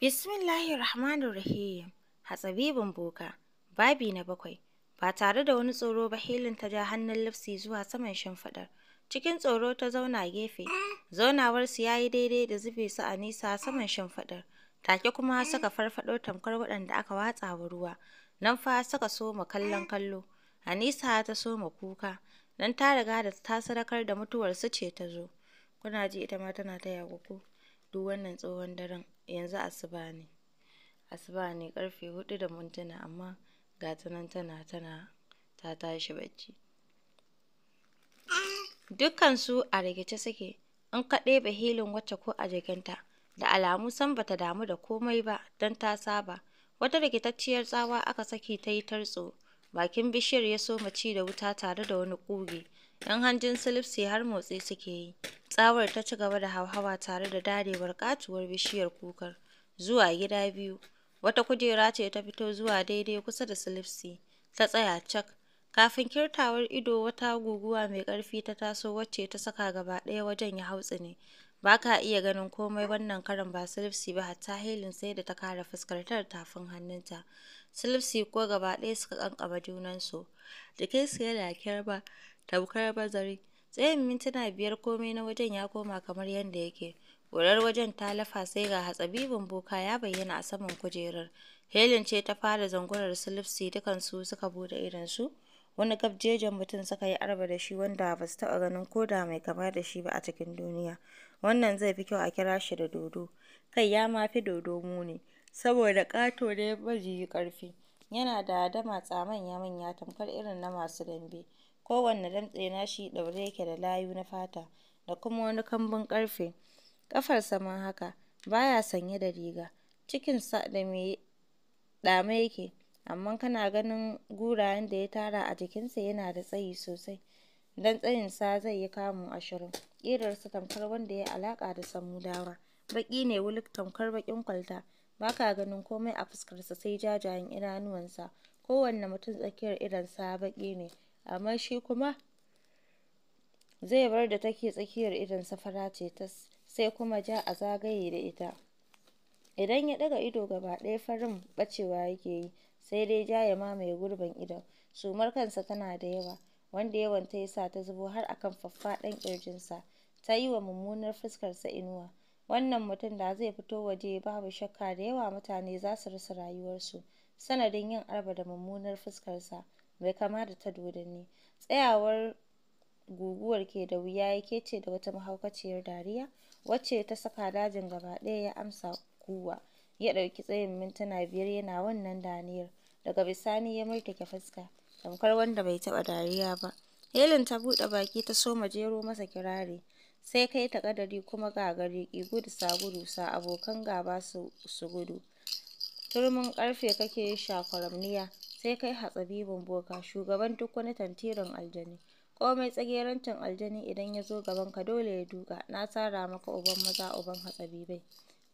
Bismillahir Rahmanir Rahim. Hatsabibin boka. Babi na bakwai. Ba tare da wani tsoro ba Helen ta ja hannun lafsi zuwa saman shimfiɗar. Cikin tsoro ta zauna gefe. Zaunawar su yayi daidai da zube su a nisa saman shimfiɗar. Take kuma saka farfado tamkar waɗanda aka watsa wa ruwa. Nan fa suka soma kallon kallo. A nisa ta so soma kuka. Nan ta riga da ta sadakar da mutuwar su ce ta zo. Kuna ji ita ma tana taya ku duk wannan tsohon daren. yanzu asuba ne asuba ne karfe hudu da mintuna amma ga ta tana tana ta tashi bacci dukkansu a rigice suke in ka ɗebe hilin wacce ko a jikinta da alamu san bata damu da komai ba don ta saba wata rikitacciyar tsawa aka saki ta yi tartso bakin bishiyar ya soma ci da wuta tare da wani ƙuge Yan hanjin Silipsi har motsi suke yi. Tsawar ta ci gaba da hauhawa tare da darewar katuwar bishiyar kukar zuwa gida biyu. Wata kujera ce ta fito zuwa daidai kusa da Silipsi, ta tsaya cak. Kafin kirtawar ido wata guguwa mai ƙarfi ta taso wacce ta saka gaba ɗaya wajen ya hau tsini. Ba ka iya ganin komai wannan karan ba Silipsi ba hatta helin sai da ta kare fuskar tafin hannunta. Silipsi ko gaba ɗaya suka ƙanƙaba junansu. Jikinsu yana ba. tabkar bazari. Tsayin mintuna biyar komai na wajen ya koma kamar yadda yake. wurar wajen ta lafa sai ga hatsabibin boka ya bayyana a saman kujerar. helin ce ta fara zangonar su dukansu suka bude su. Wani gabjejen mutum suka yi arba da shi wanda ba su taɓa ganin ko da mai kama da shi ba a cikin duniya. Wannan zai fi kyau a kira shi da dodo. Kai ya ma fi dodo muni, saboda ƙato ne majiyi ƙarfi. Yana da dama tsamanya manya tamkar irin na masu dambe. Kowanne damtse shi ɗaure yake da layu na fata da kuma wani kambun ƙarfe. Ƙafarsa ma haka, baya sanye da riga, cikinsa ɗame yake, amma kana ganin gurayen da ya tara a jikinsa yana da tsayi sosai, tsayin tsayinsa zai yi kamu ashirin. Ƙirarsa tamkar wanda ya yi alaƙa da Samudawa, baƙi ne wuluk tamkar baƙin kwalta, ba ka ganin komai a fuskarsa sai jajayen idanuwansa, kowanne mutum tsakiyar idonsa baƙi ne. amma shi kuma zai bar da take tsakiyar idonsa fara ce tas sai kuma ja a zagaye da ita idan ya daga ido gaba ɗaya farin ɓacewa yake yi sai dai ja ya mamaye gurbin idon sumar kansa tana da yawa wanda yawan ta yasa ta zubo har akan faffaɗan ƙirjinsa ta yi wa mummunar fuskarsa inuwa wannan mutum da zai fito waje babu shakka da yawa mutane za su rasa rayuwarsu sanadin yin arba da mummunar fuskarsa bai kama da ta dodanni. Tsayawar guguwar ke da wuya ya kece da wata mahaukaciyar dariya, wacce ta saka dajin gaba ɗaya ya amsa kuwa. Ya ɗauki tsayin mintuna biyar yana wannan daniyar, daga bisani ya murtuke fuska, tamkar wanda bai taɓa dariya ba. helin ta buɗe baki ta soma jero masa kirari, sai kai ta kadari kuma gari ki gudu sa gudu sa abokan gaba su gudu. Turmin karfe kake shakwaramniya, sai kai hatsabibin boka shugaban duk wani tantirin aljani komai tsagerancin aljani idan ya zo gabanka dole ya duka na tsara maka uban maza uban hatsabibai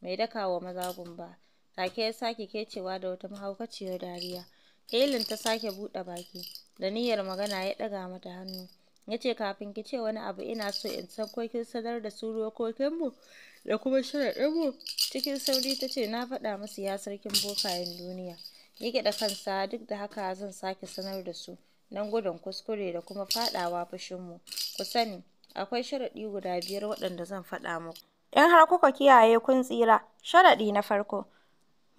mai daka wa maza gumba take ya sake kecewa da wata mahaukaciyar dariya Helen ta sake buɗe baki da niyyar magana ya ɗaga mata hannu ya ce kafin ki ce wani abu ina so in san ko kin sanar da su rokokinmu da kuma sharaɗinmu cikin sauri ta ce na faɗa musu ya sarkin bokayen duniya da kansa duk da haka zan sake sanar da su don gudun kuskure da kuma faɗawa fushinmu. Ku sani, akwai sharaɗi guda biyar waɗanda zan faɗa muku. In har kuka kiyaye kun tsira, sharaɗi na farko,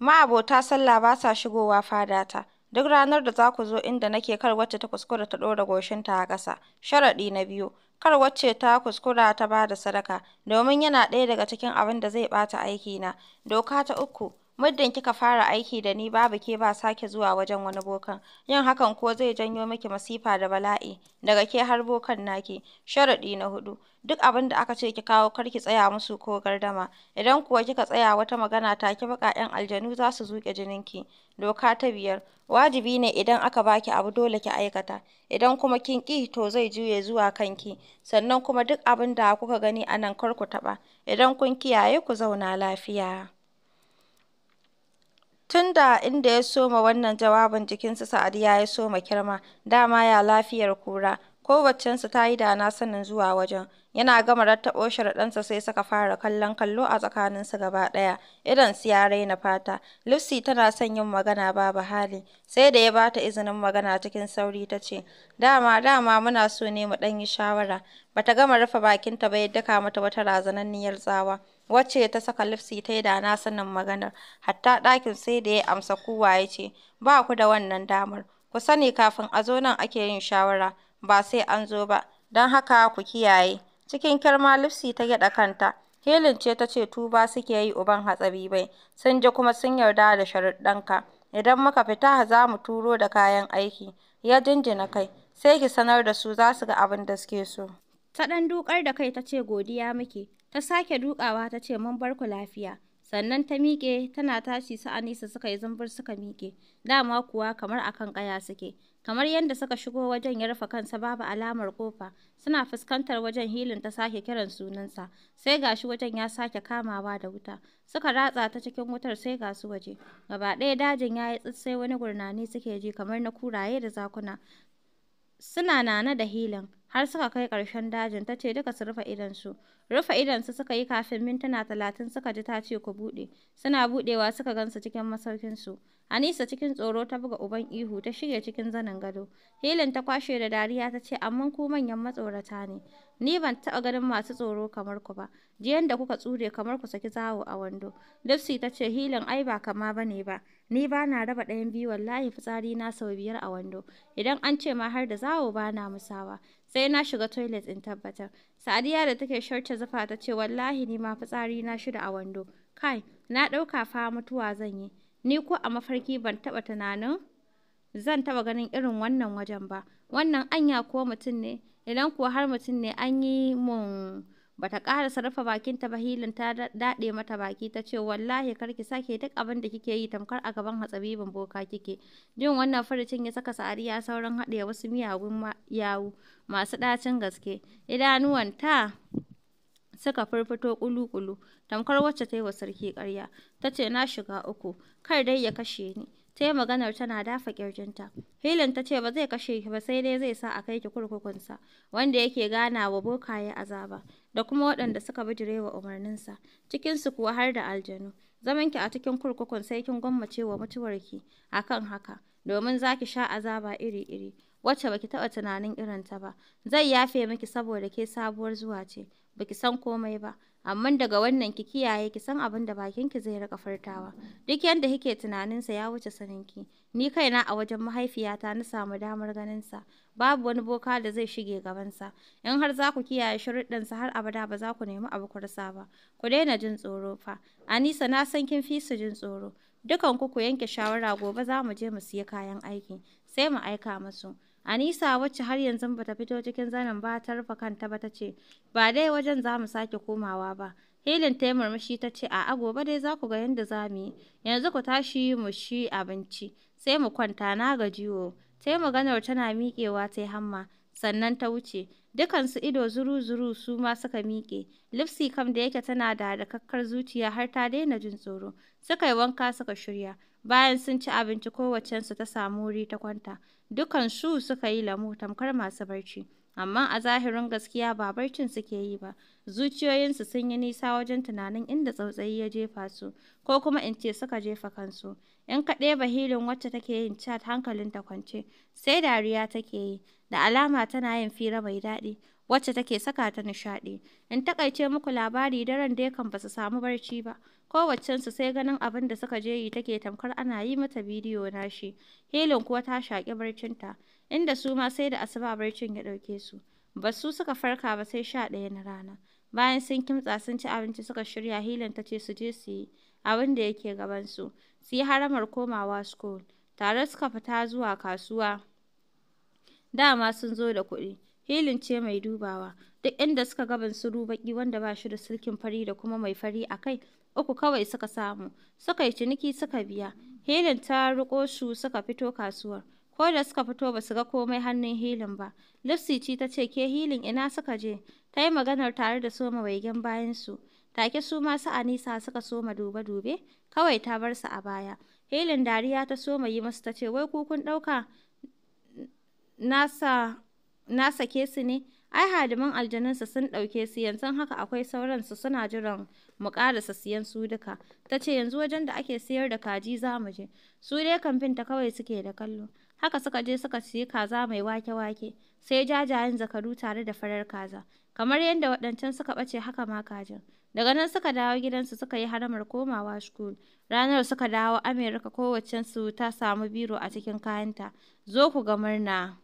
ma'abota sallah ba sa shigowa fadata. Duk ranar da za ku zo inda nake kar wacce ta kuskura ta ɗora goshinta a ƙasa. Sharaɗi na biyu, kar wacce ta kuskura ta bada sadaka, domin yana ɗaya daga cikin abin da zai ɓata na Doka ta uku, Muddin kika fara aiki da ni babu ke ba sake zuwa wajen wani bokan, yin hakan ko zai janyo miki masifa da bala'i daga ke har bokan naki. Sharaɗi na hudu. duk abin da aka ce ki kawo kar ki tsaya musu ko gardama, idan kuwa kika tsaya wata magana ta ki baka 'yan aljanu za su jinin jininki. Doka ta biyar, wajibi ne idan aka baki abu dole ki aikata, idan kuma kin ƙi to zai juye zuwa kanki, sannan kuma duk abin da kuka gani anan nan kar ku taɓa, idan kun kiyaye ku zauna lafiya. Tun da inda ya soma wannan jawabin jikinsu Sa'adiya ya soma kirma, dama ya lafiyar kura, kowaccensu ta yi da na sanin zuwa wajen. Yana gama rattaɓo ɗansa sai suka fara kallon kallo a tsakaninsu gaba ɗaya, su ya raina fata. Lucy tana son yin magana babu hali, sai da ya bata izinin magana cikin sauri ta ce, Dama, dama muna so ne mu ɗan yi shawara. bata gama rufe bakinta ba ya daka mata wata razananniyar tsawa. wacce ta saka lifsi ta yi da na sanin maganar, hatta ɗakin sai da ya amsa kowa ya ce, ba ku da wannan damar, ku sani kafin a zo nan ake yin shawara, ba sai an zo ba, don haka ku kiyaye. Cikin kirma lifsi ta gyaɗa kanta, Helen ce ta ce tuba suke yi uban hatsari bai, sun ji kuma sun yarda da sharuɗɗanka, idan muka fita za mu turo da kayan aiki, ya jinjina kai, sai ki sanar da su za su ga abin da suke so. Ta ɗan dukar da kai ta ce godiya muke. Ta sake dukawa ta ce mun bar ku lafiya. Sannan ta miƙe tana tashi su Anisa suka yi zumbur suka miƙe. Dama kuwa kamar akan ƙaya suke. Kamar yadda suka shigo wajen ya rufe kansa babu alamar kofa. Suna fuskantar wajen hilin ta sake kiran sunansa. Sai gashi wajen ya sake kamawa da wuta. Suka ratsa ta cikin wutar sai ga su waje. Gaba ɗaya dajin ya yi tsitsai wani gurnani suke ji kamar na kuraye da zakuna. Suna nana da hilin. har suka kai ƙarshen dajin ta ce duka su rufe idon su rufe idon su suka yi kafin mintuna talatin suka ji ta ce ku buɗe suna buɗewa suka gansu cikin masaukinsu anisa cikin tsoro ta buga uban ihu ta shige cikin zanin gado helen ta kwashe da dariya ta ce amma ku manyan matsorata ne ni ban taɓa ganin masu tsoro kamar ku ba jiyan da kuka tsure kamar ku saki zawo a wando dafsi ta ce helen ai ba kama bane ba Ni ba na raba ɗayan biyu wallahi fitsari na sau biyar a wando. Idan an ce ma har da zawo ba na musawa. Sai na shiga toilet in tabbatar. Sadiya da take sharce zufa ta ce wallahi ni ma fitsari na shida a wando. Kai, na ɗauka fa mutuwa zan yi. Ni ko a mafarki ban taɓa tunanin zan taɓa ganin irin wannan wajen ba. Wannan anya ko mutum ne? Idan kuwa har mutum ne an yi mun bata sarrafa sarrafa bakinta ba hilin ta daɗe mata baki ta ce wallahi kar ki sake duk abin da kike yi tamkar a gaban hatsabibin boka kike jin wannan farcin ya saka sariya sauran haɗe wasu miyagun yawu masu ɗacin gaske ta suka firfito kulu-kulu tamkar wacce ta yi wa sarki karya ta ce na shiga uku kar dai ya kashe ni ta yi maganar tana dafa kirjinta hilin ta ce ba zai kashe ki ba sai dai zai sa a kai ki kurkukunsa, wanda yake gana wa bokaye azaba, da kuma waɗanda suka bi wa umarninsa, cikinsu kuwa har da aljanu. zaman ki a cikin kurkukun sai kin gwammace wa mutuwarki a kan haka, domin za ki sha azaba iri-iri, wacce baki taɓa tunanin irinta ba. Zai yafe miki saboda ke sabuwar zuwa ce, baki san komai ba, amma daga wannan ki kiyaye ki san abin da bakin ki zai rika furtawa duk yanda kike sa ya wuce saninki ni kaina a wajen mahaifiyata na samu damar ganin sa babu wani boka da zai shige gaban sa in har za ku kiyaye sa har abada ba za ku nemi abu kursa ba ku daina jin tsoro fa anisa na san kin fi su jin tsoro dukan ku ku yanke shawara gobe za mu je mu siya kayan aiki sai mu aika musu Anisa wacce har yanzu ba ta fito cikin zanen ba ta rufe kanta ba ta ce, ba dai wajen za mu sake komawa ba. Helen ta yi murmushi ta ce, a'a gobe dai za ku ga yadda za mu yi, yanzu ku tashi mu ci abinci, sai mu kwanta na gajiwo. Ta yi maganar tana miƙewa ta yi hamma, sannan ta wuce. Dukansu ido zuru-zuru su ma suka miƙe. Lipsy kam da yake tana da haɗakakkar zuciya har ta daina jin tsoro. Suka yi wanka suka shirya. Bayan sun ci abinci su ta samu wuri ta kwanta. dukan su suka yi lamu tamkar masu barci. Amma a zahirin gaskiya ba barcin suke yi ba. Zuciyoyinsu sun yi nisa wajen tunanin inda tsautsayi ya jefa su, ko kuma in ce suka jefa kansu. In ka ɗeba wacce take yin cat ta kwance, sai dariya take yi. Da alama tana yin fira mai daɗi, wacce take saka ta nishaɗi. In takaice muku labari daren da kan ba su samu barci ba. Kowaccensu sai ganin abin da suka je yi take tamkar ana yi mata bidiyo na shi. Helen kuwa ta shaƙi barcinta, inda su ma sai da asuba barcin ya ɗauke su. Ba su suka farka ba sai sha ɗaya na rana. Bayan sun kimtsa sun ci abinci suka shirya Helen ta ce su je su yi abin da yake gabansu, su yi haramar komawa school. Tare suka fita zuwa kasuwa. dama sun zo da kuɗi. hilin ce mai dubawa, duk inda suka ga su baki wanda ba shi da sulkin fari da kuma mai fari a kai, uku kawai suka samu, suka yi ciniki suka biya. hilin ta riko su suka fito kasuwar. Ko da suka fito ba su ga komai hannun hilin ba. Lipsy ce ta ce ke hilin ina suka je, ta yi maganar tare da soma waigen bayan su. Take su ma su Anisa suka soma dube-dube, kawai ta bar su a baya. hilin dariya ta soma yi masu ta ce wai kukun kun ɗauka na sake su ne? Ai hadiman aljanunsa sun ɗauke su yanzu haka akwai sauransu suna jiran mu ƙarasa siyan su duka. Ta ce yanzu wajen da ake sayar da kaji za mu je. Su dai kamfinta kawai suke da kallo. Haka suka je suka siyi kaza mai wake-wake, sai jajayen zakaru tare da farar kaza. Kamar yadda waɗancan suka ɓace haka ma kajin. Daga nan suka dawo gidansu suka yi haramar komawa school. Ranar suka dawo Amerika kowaccensu ta samu biro a cikin kayanta. Zo ku ga murna.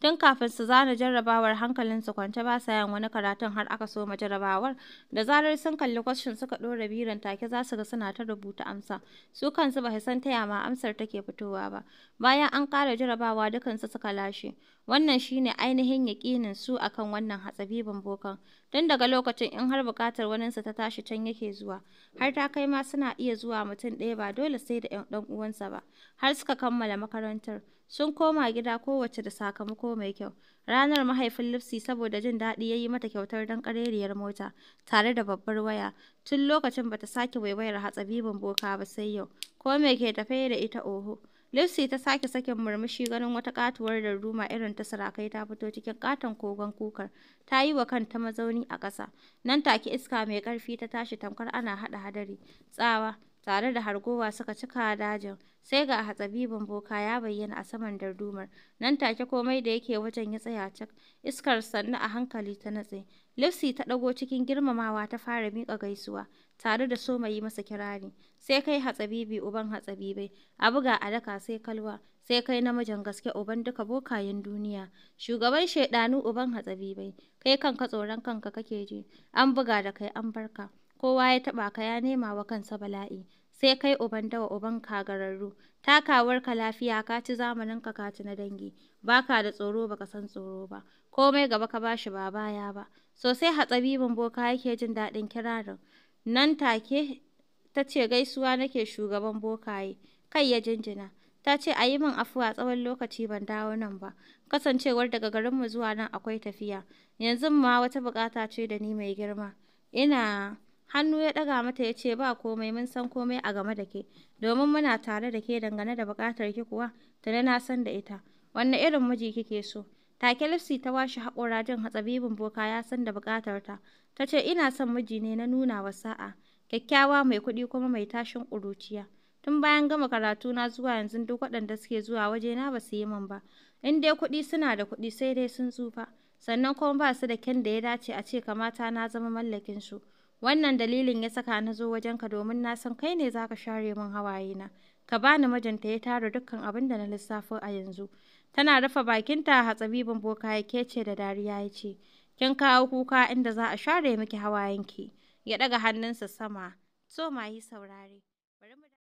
Tun kafin su zana jarrabawar hankalinsu kwance ba sa yin wani karatun har aka soma jarrabawar, da zarar sun kalli kwashin suka ɗora biran take za su ga suna ta rubuta amsa, su kansu ba san taya ma amsar take fitowa ba. Bayan an ƙara jarrabawa dukansu suka lashe. Wannan shine ainihin yaƙinin su akan wannan hatsabibin bokan. Tun daga lokacin in har buƙatar waninsa ta tashi can yake zuwa, har ta kai ma suna iya zuwa mutum ɗaya ba dole sai da ɗan uwansa ba, har suka kammala makarantar. Sun koma gida kowace da sakamako mai kyau. Ranar mahaifin Lipsy saboda jin daɗi ya yi mata kyautar dan ƙarerriyar mota tare da babbar waya. Tun lokacin bata sake waiwayar hatsabibin boka ba sai yau. Ko me ke tafe da ita oho? Lipsy ta sake sakin murmushi ganin wata katuwar da ruma irin ta sarakai ta fito cikin katon kogon kukar. Ta yi wa kanta mazauni a ƙasa. Nan take iska mai ƙarfi ta tashi tamkar ana haɗa hadari. Tsawa tare da hargowa suka cika dajin. sai ga hatsabibin boka ya bayyana a saman dardumar nan take komai da yake wajen ya tsaya cak iskar sannu a hankali ta natse Lipsy ta ɗago cikin girmamawa ta fara miƙa gaisuwa tare da so mai yi masa kirari sai kai hatsabibi uban hatsabibai a buga a daka sai kalwa sai kai namijin gaske uban duka bokayen duniya shugaban shaidanu uban hatsabibai kai kanka tsoron kanka kake ji an buga da kai an barka kowa ya taba ka ya nema wa kansa bala'i sai kai uban dawa uban kagararru, takawarka lafiya ka ci zamaninka ka ci na dangi, baka da tsoro baka san tsoro ba, komai gaba ka ba shi ba baya ba, sosai hatsabibin boka yake jin daɗin kirarin, nan take ta ce gaisuwa nake shugaban bokaye, kai ya jinjina. ta ce a yi min afuwa tsawon lokaci ban dawo nan ba kasancewar daga garinmu zuwa nan akwai tafiya yanzu ma wata bukata ce da ni mai girma ina Hannu ya ɗaga mata ya ce, Ba komai, mun san komai a game da ke, domin muna tare da ke dangane da buƙatar ki kuwa, ta na san da ita. Wanne irin miji kike so? Take Lipsy ta washe haƙora jin hatsabibin boka ya san da buƙatar Ta ta ce, Ina son miji ne na nuna wa sa'a, kyakkyawa mai kuɗi kuma mai tashin ƙuruciya. Tun bayan gama karatu na zuwa yanzu duk waɗanda suke zuwa waje na ba su yi min ba. In dai kuɗi suna da kuɗi sai dai sun tsufa, sannan kuma ba su da kyan da ya dace a ce kamata na zama mallakin su. Wannan dalilin ya saka na zo ka domin na san kai ne za ka share min na Ka bani mijinta ya tara dukkan abin da na lissafo a yanzu. Tana rufe bakinta hatsabibin boka ya kece da dariya ya ce, Kin kawo kuka inda za a share miki hawayenki. Ya ɗaga hannunsa sama. So ma yi saurare. Bari